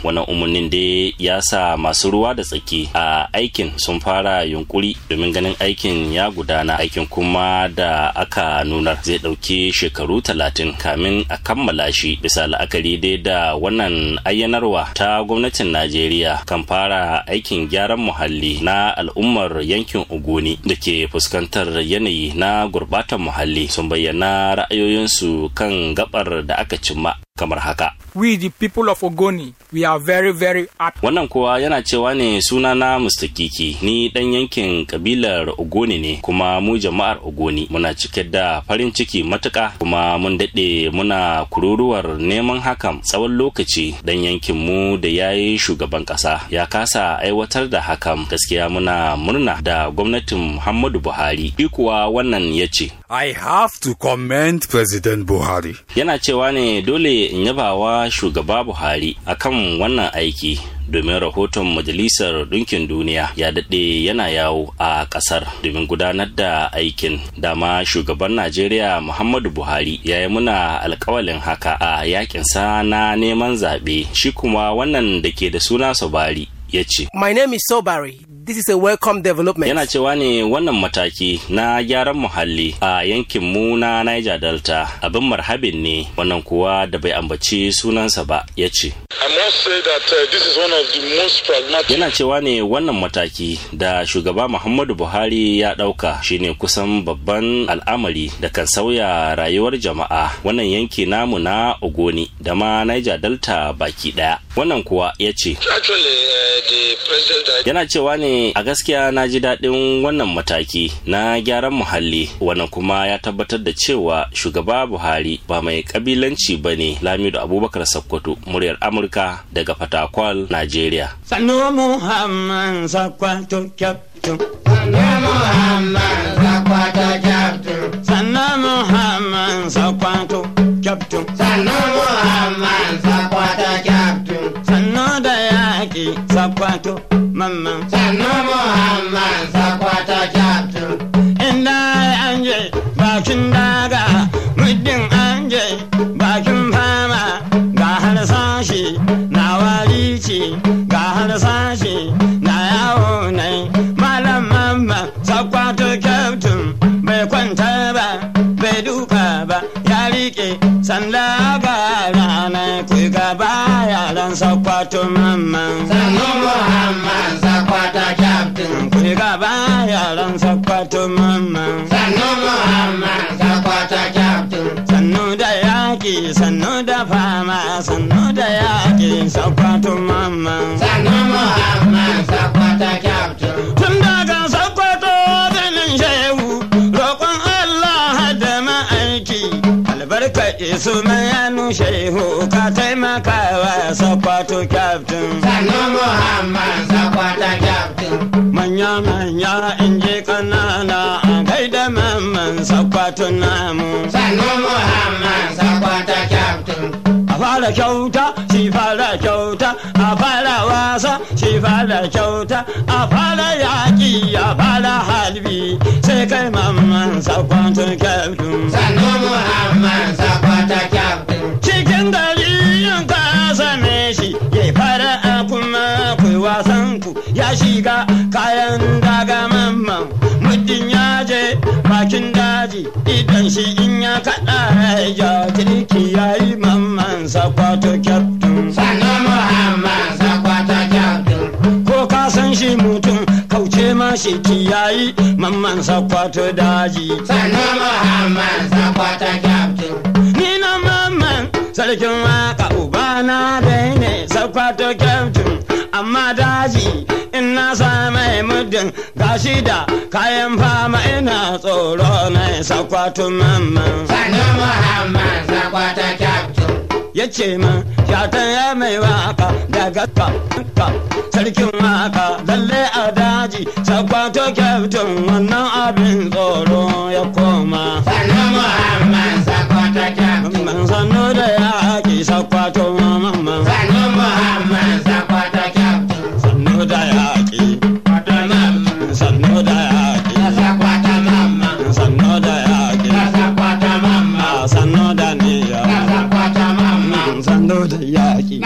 wannan umarnin da ya sa masu ruwa da tsaki a aikin sun fara yunkuri domin ganin aikin ya gudana aikin kuma da aka nunar zai ɗauki shekaru talatin kamin a kammala shi bisa la'akari dai da wannan ayyanarwa ta gwamnatin najeriya kan fara aikin gyaran muhalli na al'ummar yankin ugoni da ke fuskantar yanayi na gurbatan muhalli sun bayyana ra'ayoyinsu kan gabar da aka cimma kamar haka. We the people of Ogoni, we are very very happy. Wannan kowa yana cewa ne sunana Mr. Kiki, ni dan yankin kabilar Ogoni ne kuma mu jama'ar Ogoni muna cike da farin ciki matuka kuma mun daɗe muna kururuwar neman hakan tsawon lokaci dan yankin mu da yayi shugaban ƙasa ya kasa aiwatar da hakan gaskiya muna murna da gwamnatin Muhammadu Buhari. kuwa wannan ya ce I have to comment President Buhari. Yana cewa ne dole in yabawa shugaba Buhari akan wannan aiki domin rahoton Majalisar Dunkin Duniya ya daɗe yana yawo a ƙasar domin gudanar da aikin. Dama shugaban Najeriya Muhammadu Buhari ya yi muna alkawalin haka a yakinsa na neman zaɓe shi kuma wannan da ke da suna Sobari ya ce. My name is Sobari. this is a welcome development yana cewa ne wannan mataki na gyaran muhalli a yankin mu na Niger Delta abin marhabin ne wannan kuwa da bai ambaci sunansa ba ya ce uh, yana cewa ne wannan mataki da shugaba Muhammadu Buhari ya ɗauka shine kusan babban al'amari da kan sauya rayuwar jama'a wannan yanki namu na Ogoni da ma Niger Delta baki ɗaya. wannan kuwa ya ce uh, yana cewa ne a gaskiya na ji daɗin wannan mataki na gyaran muhalli wannan kuma ya tabbatar da cewa shugaba buhari ba mai kabilanci ba ne lamido abubakar sakkwato muryar amurka daga fatakwal nigeria sannu muhammad sakkwato kyaftin muhammad sakkwato sannu muhammad sakwata kyaftin sannu da yaƙi sakwato mamman sannu muhammad sakwata kyaftin inda an je bakin daga muddin an je bakin fama ga harsashi na walici ga harsashi na yawo nai malam mamman sakwato kyaftin bai kwanta ba bai duka ba ya riƙe sanda ba ranar ku gaba yaran sakwato mama sanu muhammad sakwato captain ku gaba yaran sakwato mama sanu muhammad sakwato captain sanu da yaki sanu da fama sanu da yaki sakwato mama sanu muhammad sakwato captain Karka isu mayanu shehu ka taimaka wa sakwato kyaftin. Sannu Muhammad sakwata kyaftin. Manya manya in je kanana a gaida mamman sakwato namu. fara kyauta shi fara kyauta a fara wasa shi fara kyauta a fara yaƙi a fara halbi sai kai mamman sakwanta kyautun. sannu muhammad sakwanta kyautun. cikin gari yin ka same shi ya fara a kuma kai wasan ku ya shiga kayan daga mamman muddin ya je bakin daji idan shi in ya kaɗa ya aikin yayi mamman sakwato daji. Sannu Muhammad sakwata kyaftin. Ni na mamman sarkin waka ubana dai ne sakwato kyaftin. Amma daji ina na mai muddin gashi da kayan fama ina tsoro na sakwato mamman. Sannu Muhammad sakwata kyaftin. ya ce min shatan ya mai waka daga ka sarkin waka lalle ji sakwato mamma sannu muhammad sakwata kyaftin sannu da yaƙi sakwata mamma sannu da yaƙi sakwata mamma sannu da niyya sakwata mamma sannu da yaƙi